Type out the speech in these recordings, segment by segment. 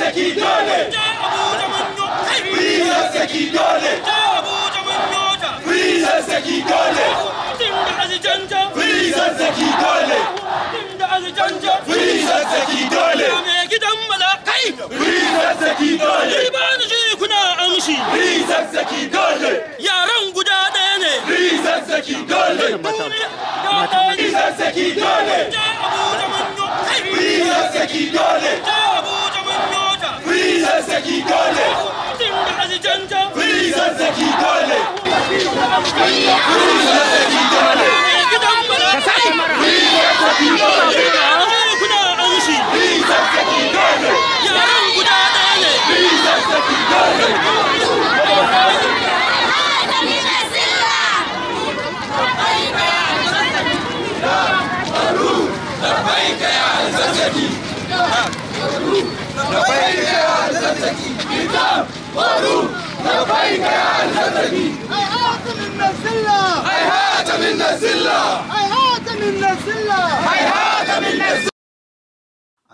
saki dole freezer saki dole freezer saki dole freezer saki dole freezer saki dole gidan malakai ki saki dole ribanu shi kuna amshi freezer saki dole yaran guda ɗaya ne freezer saki dole freezer saki dole freezer saki dole Free Zazzaki dole! dole! guda an shi! Free guda ɗaya ne! a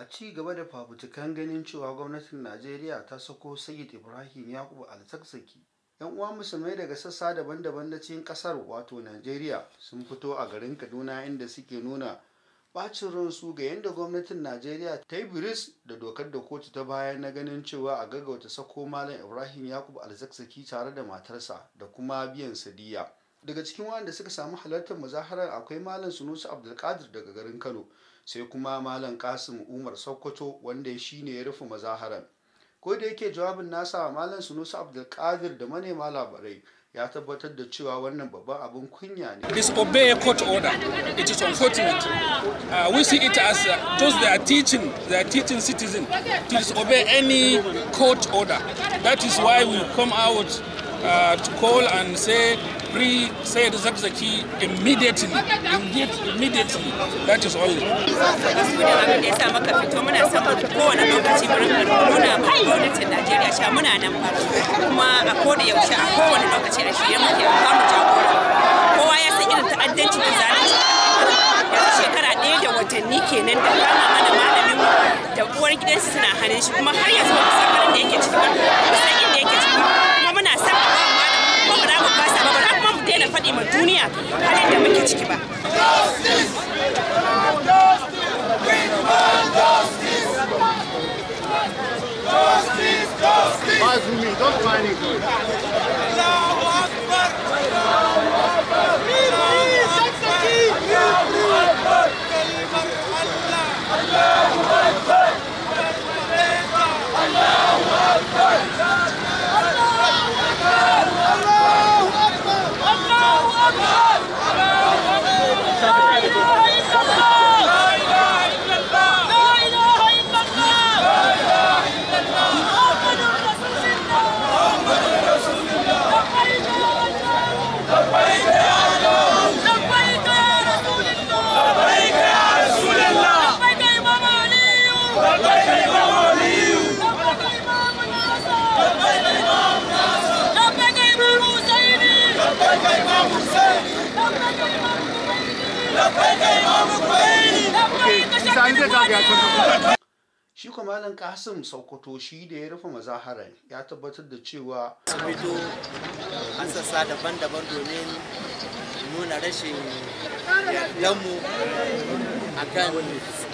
ci gaba da fafutukan ganin cewa gwamnatin najeriya ta sako sayyid ibrahim yakubu alzazzaki yan uwa musulmai daga sassa daban-daban na cikin ƙasar wato najeriya sun fito a garin kaduna inda suke nuna bacin ran su ga yadda gwamnatin najeriya ta yi biris da dokar da kotu ta baya na ganin cewa a gaggauta sako malam ibrahim yakubu alzaksaki tare da matarsa da kuma biyan sadiya daga cikin waɗanda suka samu halartar muzaharar akwai malam sunusu abdulkadir daga garin kano sai kuma malam kasim umar sokoto wanda shi ne ya rufe muzaharar ko da yake jawabin nasa malam sunusi abdulkadir da manema labarai ya tabbatar da cewa wannan babban abin kunya ne. Disobey a court order. It is unfortunate. Uh, we see it as uh, those they are teaching, they are teaching citizen to disobey any court order. That is why we come out uh, to call and say free the Zakzaki immediately, immediately, that is all. kowa ya san irin ta'addanci da zalunci yanzu shekara ɗaya da watanni kenan da kama mana malamin da uwar gidansu suna hannun shi kuma har yanzu ba su da yake cikin does me, don't find it good. shi kuma malam kasim saukoto shi da ya rufe mazaharar ya tabbatar da cewa fito an sassa daban-daban domin nuna rashin yanmu a kan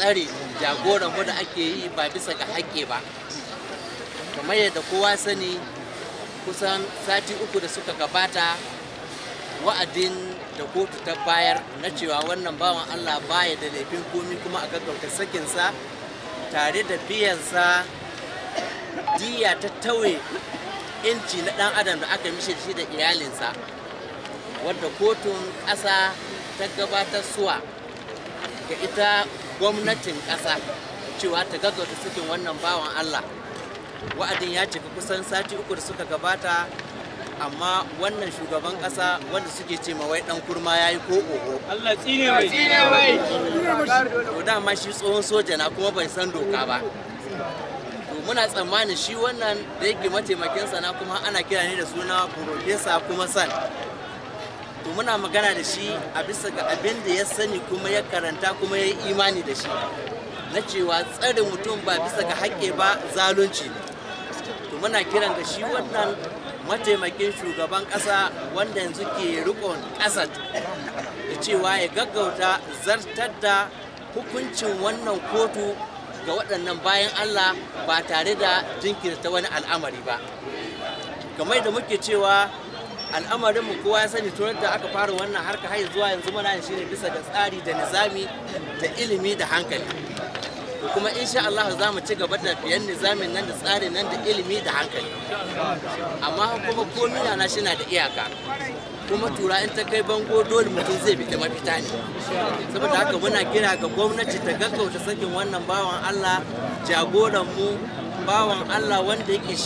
tsare jagoranmu da ake yi ba bisa ga haƙƙe ba kamar yadda kowa sani kusan sati uku da suka gabata wa'adin da kotu ta bayar na cewa wannan bawan Allah baya da laifin komi kuma a gaggauta sakinsa tare da biyansa diya ta tauye inci na dan adam da aka mishe shi da iyalinsa wadda kotun ƙasa ta gabatar suwa ga ita gwamnatin ƙasa cewa ta gaggauta sakin wannan bawan Allah wa'adin ya cika kusan sati uku da suka gabata amma wannan shugaban kasa wanda suke ce wai dan kurma yayi ko oho Allah tsine mai tsine mai to dama shi tsohon soja na kuma bai san doka ba to muna tsammanin shi wannan da yake mataimakin sa na kuma ana kira ne da suna professor kuma san to muna magana da shi a bisa ga abin da ya sani kuma ya karanta kuma ya yi imani da shi na cewa tsarin mutum ba bisa ga haƙƙe ba zalunci to muna kiran da shi wannan mataimakin shugaban ƙasa wanda yanzu ke rikon ƙasar da cewa ya gaggauta zartar da hukuncin wannan kotu ga waɗannan bayan Allah ba tare da jinkirta wani al'amari ba kamar da muke cewa al'amarin mu kowa ya sani tun da aka fara wannan harka har zuwa yanzu mana shi ne bisa da tsari da nizami da ilimi da hankali kuma insha Allah za mu ci gaba da biyan nizamin nan da tsarin nan da ilimi da hankali amma kuma komi na shi na da iyaka kuma tura in ta kai bango dole mutum zai bi ta mafita ne saboda haka muna kira ga gwamnati ta gaggauta sakin wannan bawan Allah jagoran mu bawan Allah wanda yake